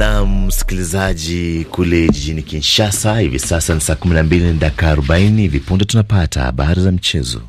nam msikilizaji kule jijini Kinshasa hivi sasa ni saa 12 na dakika 40. Hivi punde tunapata habari za mchezo.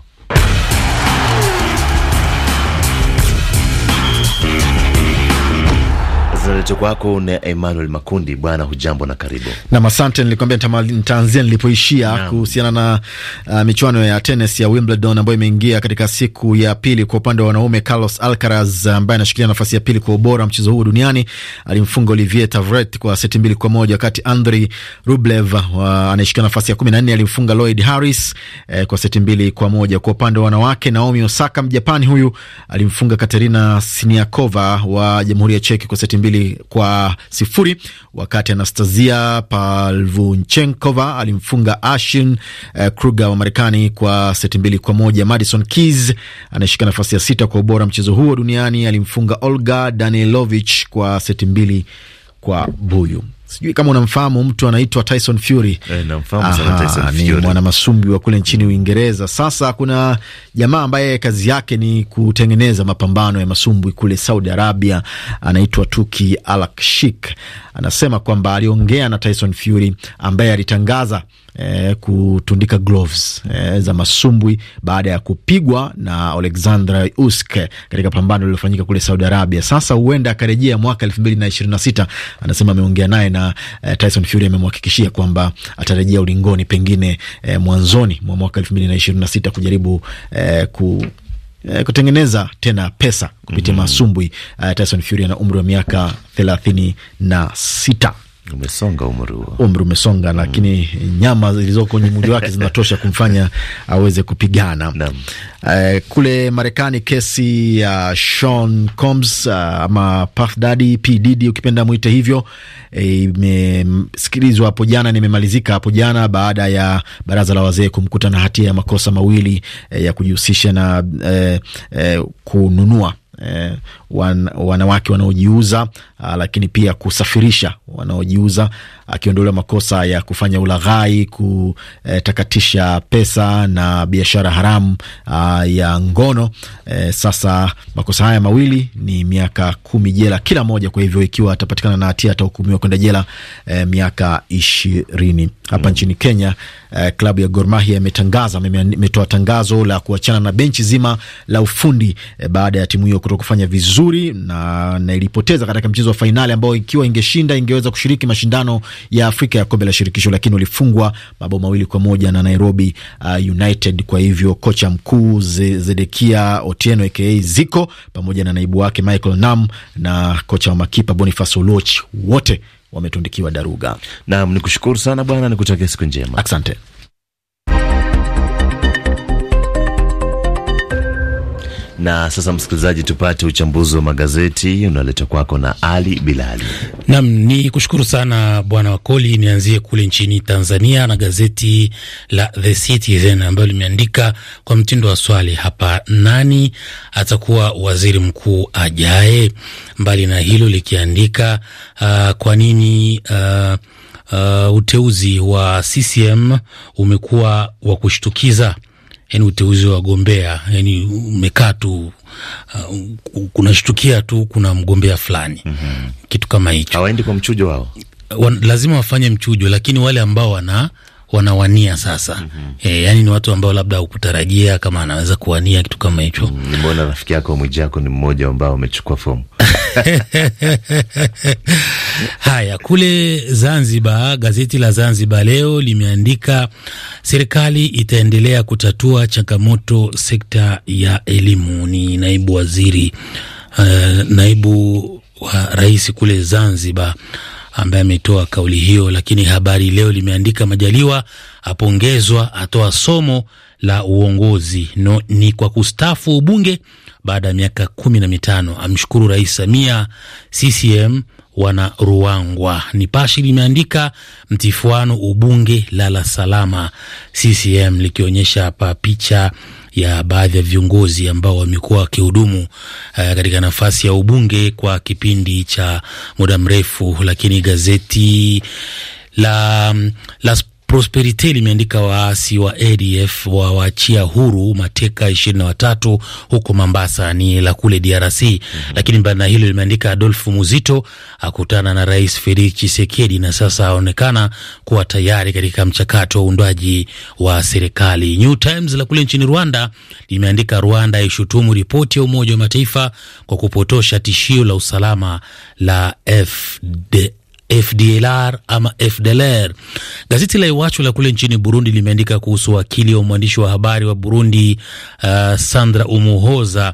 Leto kwako na Emmanuel Makundi. Bwana hujambo na karibu nam. Asante, nilikwambia nitaanzia nilipoishia kuhusiana na uh, michuano ya tenis ya Wimbledon ambayo imeingia katika siku ya pili. Kwa upande wa wanaume, Carlos Alcaraz ambaye anashikilia nafasi ya pili kwa ubora mchezo huu duniani alimfunga Olivier Tavret kwa seti mbili kwa moja, wakati Andrei Rublev uh, anayeshikilia nafasi ya kumi na nne alimfunga Lloyd Harris eh, kwa seti mbili kwa moja. Kwa upande wa wanawake, Naomi Osaka Mjapani huyu alimfunga Katerina Siniakova wa Jamhuri ya Cheki kwa seti mbili kwa sifuri wakati Anastasia Palvunchenkova alimfunga ashin eh, Kruger wa Marekani kwa seti mbili kwa moja. Madison Keys anaeshika nafasi ya sita kwa ubora mchezo huo duniani alimfunga Olga Danilovich kwa seti mbili kwa buyu. Sijui kama unamfahamu mtu anaitwa Tyson Fury. E, namfahamu sana Tyson Fury. Ni mwanamasumbwi wa kule nchini Uingereza. Sasa kuna jamaa ambaye kazi yake ni kutengeneza mapambano ya masumbwi kule Saudi Arabia, anaitwa Tuki Alakshik. Anasema kwamba aliongea na Tyson Fury ambaye alitangaza eh, kutundika gloves eh, za masumbwi baada ya kupigwa na Alexandra Usyk katika pambano lililofanyika kule Saudi Arabia. Sasa huenda akarejea mwaka elfu mbili na ishirini na sita. Anasema ameongea naye na eh, Tyson Fury amemhakikishia kwamba atarejea ulingoni pengine eh, mwanzoni mwa mwaka elfu mbili na ishirini na sita kujaribu eh, ku eh, kutengeneza tena pesa kupitia mm -hmm. masumbwi. Uh, Tyson Fury ana umri wa miaka thelathini na sita umesonga umri huo, umri umesonga, mm. lakini mm. nyama zilizoko kwenye mwili wake zinatosha kumfanya aweze kupigana Uh, kule Marekani kesi ya uh, Sean Combs uh, ama Puff Daddy P Diddy ukipenda mwite hivyo eh, imesikilizwa e, hapo jana, nimemalizika hapo jana baada ya baraza la wazee kumkuta na hatia ya makosa mawili e, ya kujihusisha na e, e, kununua Eh, wan, wanawake wanaojiuza, uh, lakini pia kusafirisha wanaojiuza, akiondolewa uh, makosa ya kufanya ulaghai, kutakatisha pesa na biashara haramu uh, ya ngono. uh, sasa makosa haya mawili ni miaka kumi jela kila moja. Kwa hivyo ikiwa atapatikana na hatia atahukumiwa kwenda jela uh, miaka ishirini. Hapa mm. nchini Kenya uh, klabu ya Gor Mahia imetangaza imetoa tangazo la kuachana na benchi zima la ufundi uh, baada ya timu hiyo kuto kufanya vizuri nzuri na, na ilipoteza katika mchezo wa fainali ambao ikiwa ingeshinda ingeweza kushiriki mashindano ya Afrika ya kombe la shirikisho, lakini walifungwa mabao mawili kwa moja na Nairobi uh, United. Kwa hivyo kocha mkuu Zedekia Otieno aka Ziko pamoja na naibu wake Michael Nam na kocha wa makipa Boniface Oloch wote wametundikiwa daruga. Naam, nikushukuru sana bwana, nikutakia siku njema, asante. Na sasa, msikilizaji, tupate uchambuzi wa magazeti unaletwa kwako na Ali Bilali. nam ni kushukuru sana bwana Wakoli. Nianzie kule nchini Tanzania na gazeti la The Citizen ambayo limeandika kwa mtindo wa swali hapa, nani atakuwa waziri mkuu ajaye? Mbali na hilo likiandika uh, kwa nini uh, uh, uteuzi wa CCM umekuwa wa kushtukiza yani uteuzi wa wagombea yani umekaa tu uh, kunashtukia tu kuna mgombea fulani mm -hmm. Kitu kama hicho hawaendi kwa mchujo wao Wan, lazima wafanye mchujo, lakini wale ambao wana wanawania sasa. mm -hmm. E, eh, yani ni watu ambao labda hukutarajia kama anaweza kuwania kitu kama hicho. Mm, mbona rafiki yako Mwijako ni mmoja ambao amechukua fomu Haya, kule Zanzibar, gazeti la Zanzibar Leo limeandika serikali itaendelea kutatua changamoto sekta ya elimu. Ni naibu waziri uh, naibu wa rais kule Zanzibar ambaye ametoa kauli hiyo, lakini Habari Leo limeandika Majaliwa apongezwa, atoa somo la uongozi no, ni kwa kustafu ubunge baada ya miaka kumi na mitano. Amshukuru Rais Samia, CCM wana Ruangwa. nipashi limeandika mtifuano ubunge lala salama, CCM likionyesha hapa picha ya baadhi ya viongozi ambao wamekuwa wakihudumu uh, katika nafasi ya ubunge kwa kipindi cha muda mrefu. Lakini gazeti la, mm, la Prosperite limeandika waasi wa ADF wawaachia huru mateka ishirini na watatu huko Mambasa, ni la kule DRC. mm -hmm. Lakini mbali na hilo limeandika Adolfu Muzito akutana na Rais Felix chisekedi na sasa aonekana kuwa tayari katika mchakato wa uundwaji wa serikali. New Times la kule nchini Rwanda limeandika Rwanda ishutumu ripoti ya Umoja wa Mataifa kwa kupotosha tishio la usalama la FD FDLR ama FDLR. Gazeti la Iwachu la kule nchini Burundi limeandika kuhusu wakili wa mwandishi wa habari wa Burundi uh, Sandra Umuhoza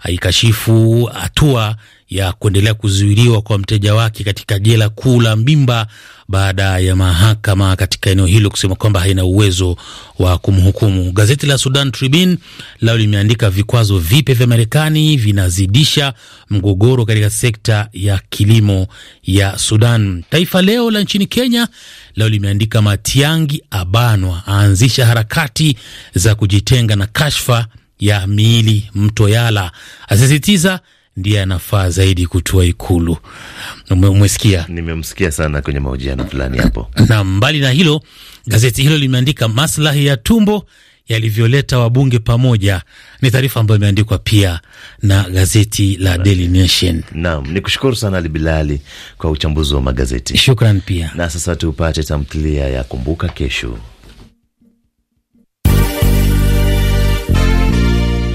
aikashifu hatua ya kuendelea kuzuiliwa kwa mteja wake katika jela kuu la Mbimba baada ya mahakama katika eneo hilo kusema kwamba haina uwezo wa kumhukumu. Gazeti la Sudan Tribune lao limeandika vikwazo vipya vya Marekani vinazidisha mgogoro katika sekta ya kilimo ya Sudan. Taifa Leo la nchini Kenya lao limeandika Matiangi abanwa aanzisha harakati za kujitenga na kashfa ya miili Mtoyala, asisitiza ndiye anafaa zaidi kutua Ikulu. Umemsikia? Nimemsikia sana kwenye mahojiano fulani hapo. Na mbali na hilo, gazeti hilo limeandika maslahi ya tumbo yalivyoleta wabunge pamoja. Ni taarifa ambayo imeandikwa pia na gazeti la Daily Nation. Naam, ni kushukuru sana Ali Bilali kwa uchambuzi wa magazeti. Shukran pia. Na sasa tupate tamthilia ya Kumbuka Kesho.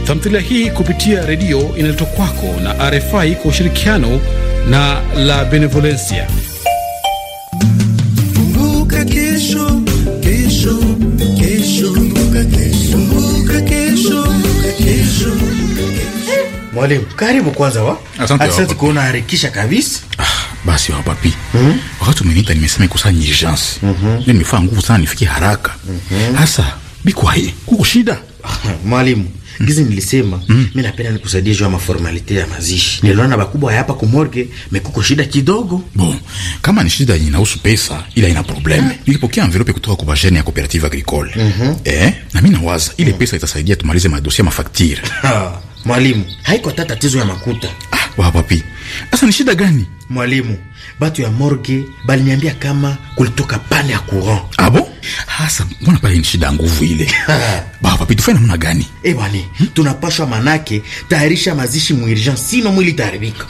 Tamthilia hii kupitia redio inaletwa kwako na RFI kwa ushirikiano na La Benevolencia. Mwalimu, karibu kwanza wa. Asante kuona harakisha kabisa. Ah, basi wa papi. Mm -hmm. Wakati umeniita nimesema ikusanyi urgence. Mm -hmm. Nimefaa nguvu sana nifikie haraka. Mm -hmm. Hasa biko hai. Kuko shida. Mwalimu gizi nilisema hmm. mi napenda nikusaidie juu ya maformalite ya mazishi. Niliona bakubwa hapa kumorge mekuko shida kidogo. Bon, kama ni shida inahusu pesa, ila ina probleme Nilipokea envelope kutoka kwa bajene ya cooperative agricole mm Eh, na mi nawaza ile hmm. pesa itasaidia tumalize madosia mafakture. Mwalimu, haiko hata tatizo ya makuta ah wa papi. Sasa ni shida gani mwalimu? Batu ya morgue baliniambia kama kulitoka pale ya courant. Abo? Hasa mbona pale ni shida nguvu ile. Ba papi tufanye namna gani? E eh, bani, hmm? tunapashwa manake tayarisha mazishi muirjan sino mwili taharibika.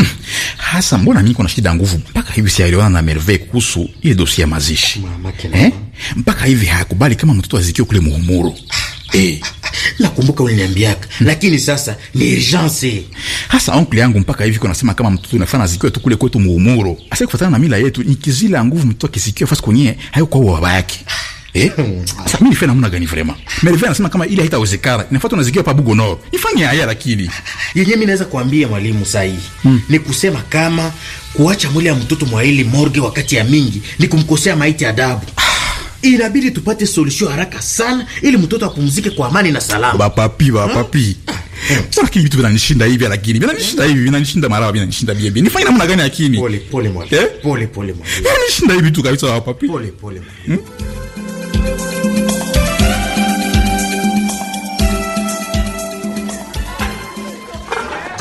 Hasa hmm. mbona mimi kuna shida nguvu mpaka hivi siaelewana na Merve kuhusu ile dosi ya mazishi. Mama, eh? Mpaka hivi hayakubali kama mtoto azikiwe kule muhumuru. Ah, ah, eh. Ah, nakumbuka kumbuka uliniambiaka, lakini sasa ni urgence eh. hasa. Onkle yangu mpaka hivi kunasema kama mtoto unafanya zikiwa tu kule kwetu muumuro, asa kufatana na mila yetu ni kizila nguvu mtoto akisikiwa fasi kwenye hayo kwa baba yake eh. Sasa mimi nifanye namna gani? anasema kama ile haitawezekana, Bugo Nord, ifanye haya. Lakini mimi naweza kuambia mwalimu sahihi hmm, ni kusema kama kuacha mwili ya mtoto wakati ya mingi ni kumkosea maiti adabu inabidi tupate solution haraka sana, ili mtoto apumzike kwa amani na salama. Bapapi, bapapi, hmm? ah, eh, eh. sasa kimi vitu vinanishinda hivi, lakini vinanishinda hivi, vinanishinda mara, vinanishinda bibi, nifanye namna gani? Lakini pole pole, mwalimu, eh? pole pole, mwalimu, vinanishinda hivi tu kabisa, bapapi, pole pole, mwalimu. Hmm?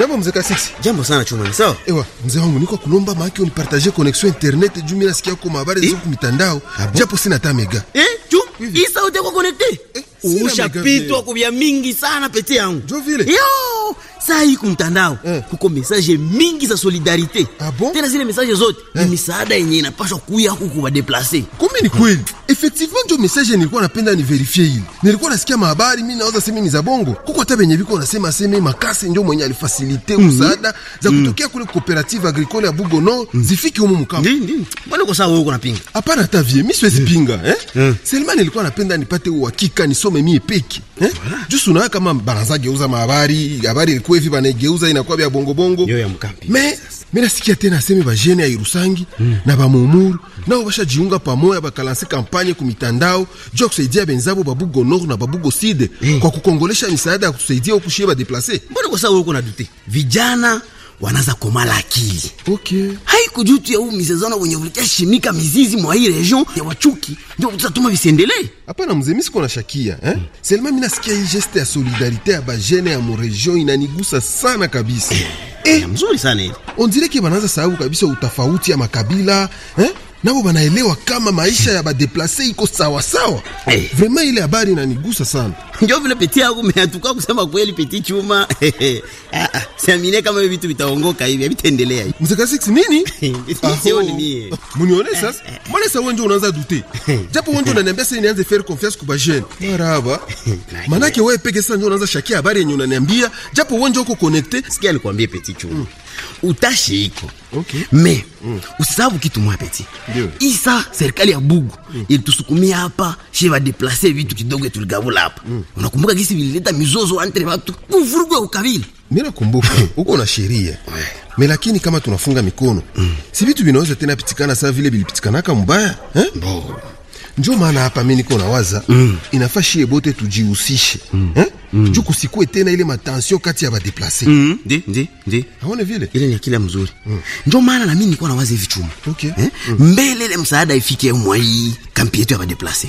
Jambo mzee Kasiksi. Jambo sana Chuma, sawa? Ewa, mzee wangu niko kulomba maaki unipartage connection internet juu mimi nasikia kwa habari hizo eh? kwa mitandao. Japo sina hata mega. Eh, Chum, hii sauti Eh, ushapitwa kwa mingi sana pete yangu. Ndio vile. Yo, saa hii kumtandao eh, kuko message mingi za solidarite. Tena zile message zote ni eh. misaada yenye inapaswa kuya huku kwa deplacer. ni kweli effectivement ndio message nilikuwa napenda ni niverifie hili. Nilikuwa nasikia mahabari mi naoza semi za bongo, kuko hata venye viko nasema seme makasi ndio mwenye alifasilite mhm. msaada mm -hmm. za mm -hmm. kutokea kule cooperative agricole ya bugono mm -hmm. zifiki humu mkapa. Ndio ndio. Bwana kwa sawa uko napinga. Hapana hata vie, mimi siwezi eh. pinga eh. Mm. Eh. Selman nilikuwa napenda nipate uhakika nisome mie peki. Eh? Jusu unawe kama baraza geuza mahabari, habari ilikuwa hivi bana geuza inakuwa ya bongo bongo. Ndio ya mkampi. Me, mimi nasikia tena seme ba jene ya Irusangi mm. na ba Mumuru nao bashajiunga pamoja bakalansi kampani wafanye kumitandao juu ya kusaidia benzabo Babugo Nord na Babugo Sud hey, eh. kwa kukongolesha misaada ya kusaidia ukushie badeplase. Mbona kwa sababu uko na dute vijana wanaza komala akili okay. Haiko ya huu mizezano wenye ulikashimika mizizi mwa hii region ya wachuki ndio tutatuma visiendelee. Hapana mzee, mimi siko na shakia eh? Mm. Selma, mimi nasikia hii geste ya solidarite ya bajene ya mo inanigusa sana kabisa eh, eh, mzuri sana hivi. Ondireke banaanza sababu kabisa utafauti ya makabila eh? nabo banaelewa kama maisha ya badeplase iko sawasawa. Hey. Eh. Vraiment ile habari inanigusa sana. Ndio vile peti yangu meatuka kusema kweli, peti chuma eh, eh. ah, ah. siamine kama hivi vitu vitaongoka hivi vitaendelea hivi. Mzee kasi nini? sio ni ah, oh. mie. Munione sasa. Mbona sasa wewe ndio unaanza dute? Japo wewe ndio unaniambia sasa nianze faire confiance kwa jeune Maraba. Manake wewe peke sasa ndio unaanza shakia habari yenye unaniambia, japo wewe ndio uko connecté. Sikia nikwambie peti chuma. Mm utashi iko okay. Me mm. usabu kitu mwapeti isa serikali ya Bugu mm. ilitusukumia hapa sheva deplase vitu kidogo tuligavula hapa mm. Unakumbuka gisi vilileta mizozo antre watu kuvurugu ya ukabila. Mimi nakumbuka huko na sheria me, lakini kama tunafunga mikono mm. si vitu vinaweza tena pitikana saa vile vilipitikanaka mbaya eh? Bo. Njo maana hapa mimi niko nawaza mm. inafaa shie bote tujihusishe mm. eh? mm. juu kusikue tena ile matension kati ya badeplase mm. ndi ndi ndi, aone vile ile ni akili mzuri mm. njo maana na mimi nilikuwa nawaza hivi chuma okay. eh? mm. mbele ile msaada ifike mwai kampi yetu ya badeplase,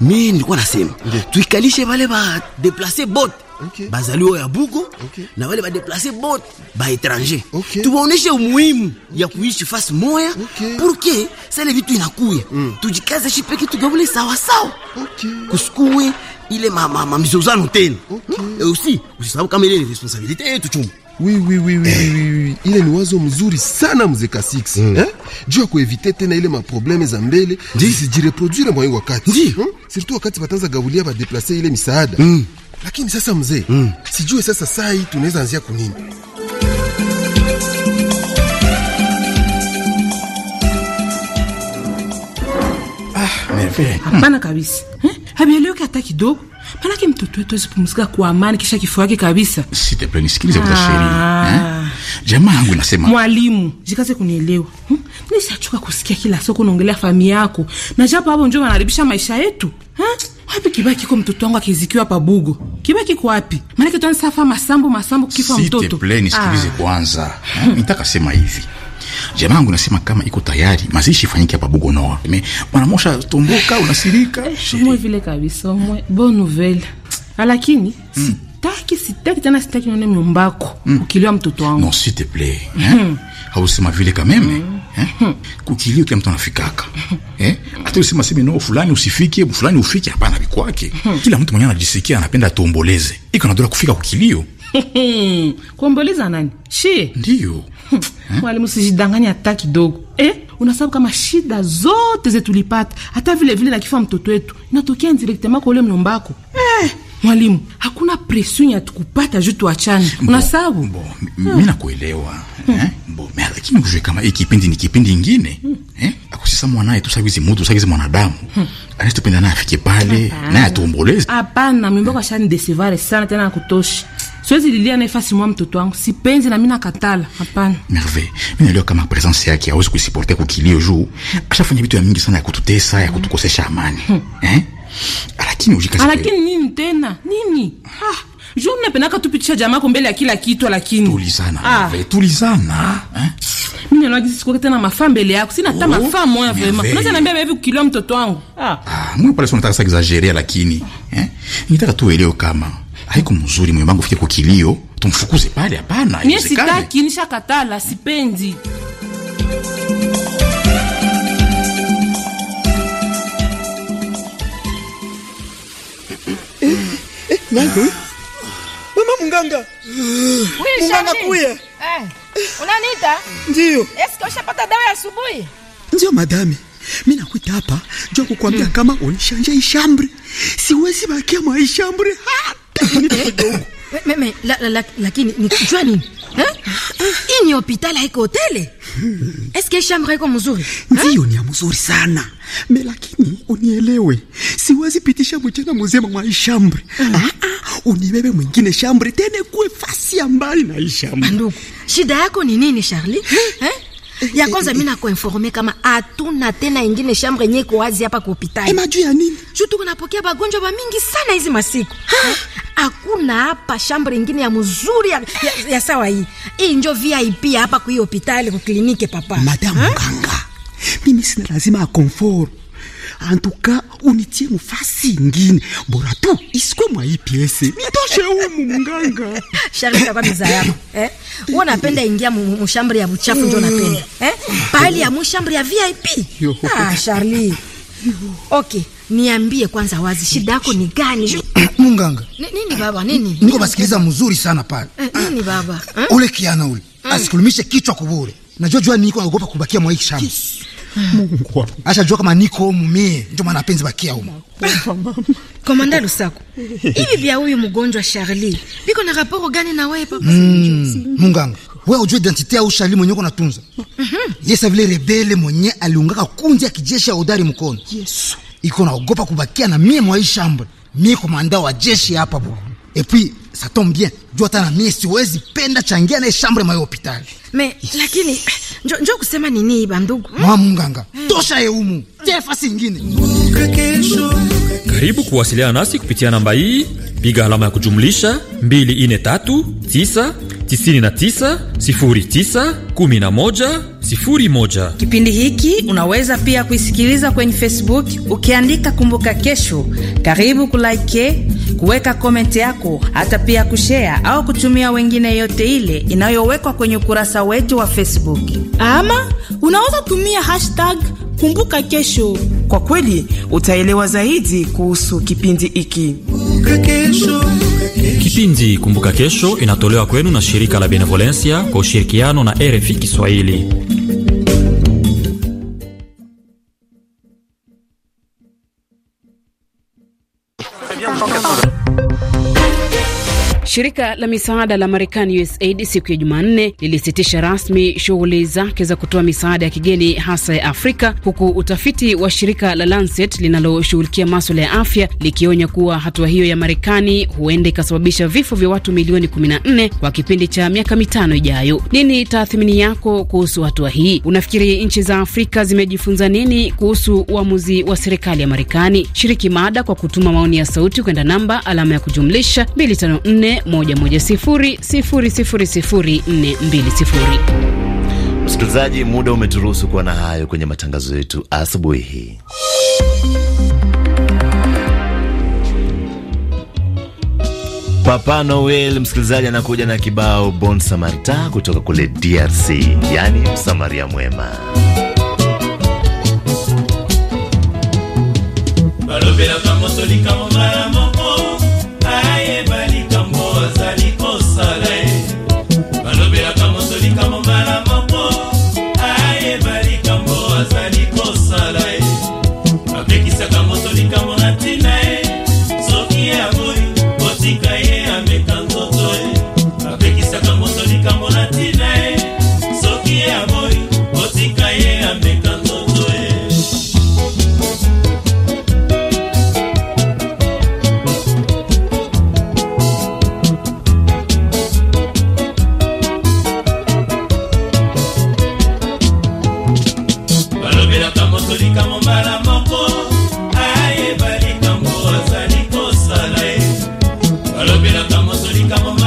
mi nilikuwa nasema tuikalishe vale badeplase bote okay. bazali oyo ya bugo okay. na wale badeplase bote baétranger okay. tuwaoneshe umuhimu ya kuishi fasi moya purke sele vitu inakuya mm. tujikaze shi peke tugavule sawasawa kusukue ile mamizozano ma, ma, tena e aussi usisahau kama ile ni responsabilite yetu chuma Oui, oui, oui, oui, eh. oui, oui. Ile ni wazo mzuri sana mzee Kasix mm. eh? juu ya kuevite tena ile maprobleme za mbele zisijireproduire mwa wakati hmm? Surtout wakati batanza gabulia badeplase ile misaada mm lakini sasa mzee mm. sijue sasa saa hii tunaweza anzia kunini ah, hapana ah, kabisa hmm. habieleweki hata kidogo manake mtoto wetu azipumzika kwa amani kisha kifo yake kabisa sitepe ah. kuta eh? jamaa yangu nasema mwalimu jikaze kunielewa hmm? nishachoka kusikia kila soko naongelea fami yako na japo hapo njo wanaribisha maisha yetu wapi Kibaki kwa mtoto wangu akizikiwa pa pabugu? Kibaki kwa wapi? Maana kitu anisafa masambu masambu kifa mtoto. Site pleni sikilize ah. Kwanza eh, nitaka sema hivi. Jamaa wangu nasema kama iko tayari mazishi fanyike hapa Bugo Noa. Me mwanamosha tumbuka unasirika. Somwe vile kabisa mwe. Bonne nouvelle. Ah, lakini hmm. sitaki sitaki tena sitaki nione mlombako hmm. ukiliwa mtoto wangu. Non s'il te plaît. Hmm. Hausema vile kameme. Mm. Eh? Kukilio kila mtu anafikaka eh? Hata usema sema no fulani usifike, hebu fulani ufike, hapana bikwake. Kila mtu mwenyewe anajisikia anapenda tuomboleze, iko na kufika kukilio kuomboleza nani? shi ndio mwalimu, sijidanganya hata kidogo eh? Unasabu kama shida zote zetulipata hata vile vile na kifaa mtoto wetu inatokea directement kwa ule mlombako eh? Mwalimu, hakuna presion ya tukupata juu tuachane, una sababu bo. mi nakuelewa hmm. eh, bo lakini kujue kama hii kipindi ni kipindi ingine hmm. eh, akusisa mwanaye tu sawizi mutu sawizi mwanadamu hmm. anastupenda naye afike pale naye atuombolezi. Hapana, mimi mbona eh. shani desevare sana tena kutosha Siwezi lilia na ifasi mwa mtoto wangu, sipenzi na mimi nakatala. Hapana Merve, mimi nalio kama presence yake hawezi kusiporte kukilio juu hmm. ashafanya vitu ya mingi sana ya kututesa ya hmm. kutukosesha amani hmm. eh Ah, lakini ujikasi. Ah, lakini nini tena? Nini? Ah, John napenda tupitisha jamaa kwa mbele ya kila kitu lakini. Tulizana. Ah. Tulizana. Eh? Mimi naona jinsi kwa tena mafaa mbele yako. Sina hata oh, mafaa moya vema. Unaweza niambia hivi kilo mtoto wangu. Ah. Ah, mimi pale sio nataka exaggerer lakini. Eh? Nitaka tu uelewe kama haiko mzuri moyo wangu fike kwa kilio tumfukuze pale hapana. Mimi sitaki nishakatala sipendi. Nani? Mama mganga. Munganga kuya. Eh. Unaniita? Ndio. Eske ushapata dawa ya asubuhi? Ndio madami. Mimi nakuita hapa njoo kukuambia hmm, kama ulishanja ishambre. Siwezi bakia mwa ishambre hata kidogo. Meme, la, la, la, lakini nikijua nini? Eh? Ah, ah. Hii ni hospitali haiko hoteli. Eske shamba iko mzuri? Ndiyo, eh? ni mzuri sana. Me lakini unielewe. Siwezi pitisha mchanga mzima mwa shamba. Mm. Eh. Ah ah, unibebe mwingine shamba tena kuwe fasi ambayo na shamba. Ndugu, shida yako ni nini Charlie? Eh? eh? ya kwanza mimi na kuinforme kama hatuna tena ingine shambre yenyewe iko wazi hapa kwa hospitali. Ema eh, juu ya nini? Juu tuko napokea bagonjwa ba mingi sana hizi masiku. Eh, hakuna hapa shambre ingine ya mzuri ya, ya, ya sawa hii. Hii njo VIP hapa kwa hiyo hospitali kwa kliniki papa. Madam ganga eh? Mimi sina lazima ya comfort antuka unitie mufasi ingine bora tu isikwe mwa hii nitoshe humu munganga sharika kwa miza yako eh? Uo napenda ingia mushambri ya buchafu ndio napenda eh? Pahali ya mushambri ya VIP ah, sharli okay niambie kwanza wazi shida yako ni gani munganga nini baba nini niko basikiliza mzuri sana pale eh, nini ah, baba ule kiana ule mm. asikulumishe kichwa kubure najua jua niko naogopa kubakia mwa hii shamba ashajua kama niko humu mie, ndio maana penzi bakia humu. Komanda Lusaku, hivi vya huyu mgonjwa Charlie biko na raporo gani na wewe papa? Mm, munganga wewe ujue identite au Charlie mwenye natunza mm-hmm. Yesa vile rebele mwenye aliungaka kundi ya kijeshi ya udari mkono Yesu iko naogopa kubakia na mie mwa hii shamba, mie komanda wa jeshi hapa et puis ça tombe bien juu hata na mie siwezi penda changia na chambre mayo hopitali me Lakini njo, njo kusema nini iba ndugu Mwa munganga. tosha yeumu mm. tefasi ingine karibu kuwasiliana nasi kupitia namba hii, piga alama ya kujumlisha 243 9 99 09 11 01. Kipindi hiki unaweza pia kuisikiliza kwenye Facebook ukiandika Kumbuka Kesho. Karibu kulike kuweka komenti yako, hata pia kushea au kutumia wengine yote ile inayowekwa kwenye ukurasa wetu wa Facebook. Ama unaweza tumia hashtag kumbuka kesho. Kwa kweli utaelewa zaidi kuhusu kipindi hiki. Kipindi Kumbuka Kesho inatolewa kwenu na shirika la Benevolencia kwa ushirikiano na RFI Kiswahili. 当当当。Shirika la misaada la Marekani USAID siku ya Jumanne lilisitisha rasmi shughuli zake za kutoa misaada ya kigeni hasa ya Afrika, huku utafiti wa shirika la Lancet linaloshughulikia maswala ya afya likionya kuwa hatua hiyo ya Marekani huenda ikasababisha vifo vya watu milioni 14 kwa kipindi cha miaka mitano ijayo. Nini tathmini yako kuhusu hatua hii? Unafikiri nchi za Afrika zimejifunza nini kuhusu uamuzi wa serikali ya Marekani? Shiriki mada kwa kutuma maoni ya sauti kwenda namba alama ya kujumlisha 254 Msikilizaji, muda umeturuhusu kuwa na hayo kwenye matangazo yetu asubuhi hii. Papa Noel, msikilizaji, anakuja na kibao Bon samarta kutoka kule DRC, yani Msamaria Mwema. Come on.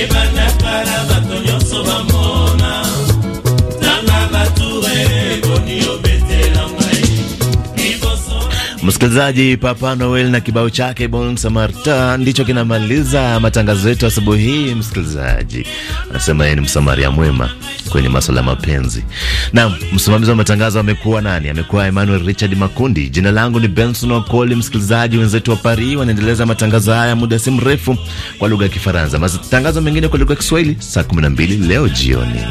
ebandaka na ba Msikilizaji, Papa Noel na kibao chake Bon Samarta ndicho kinamaliza matangazo yetu asubuhi hii. Msikilizaji anasema yeye ni msamaria mwema kwenye maswala ya mapenzi. Naam, msimamizi wa matangazo amekuwa nani? Amekuwa Emmanuel Richard Makundi. Jina langu ni Benson Wakoli. Msikilizaji, wenzetu wa Paris wanaendeleza matangazo haya muda si mrefu kwa lugha ya Kifaransa. Matangazo mengine kwa lugha ya Kiswahili saa 12 leo jioni.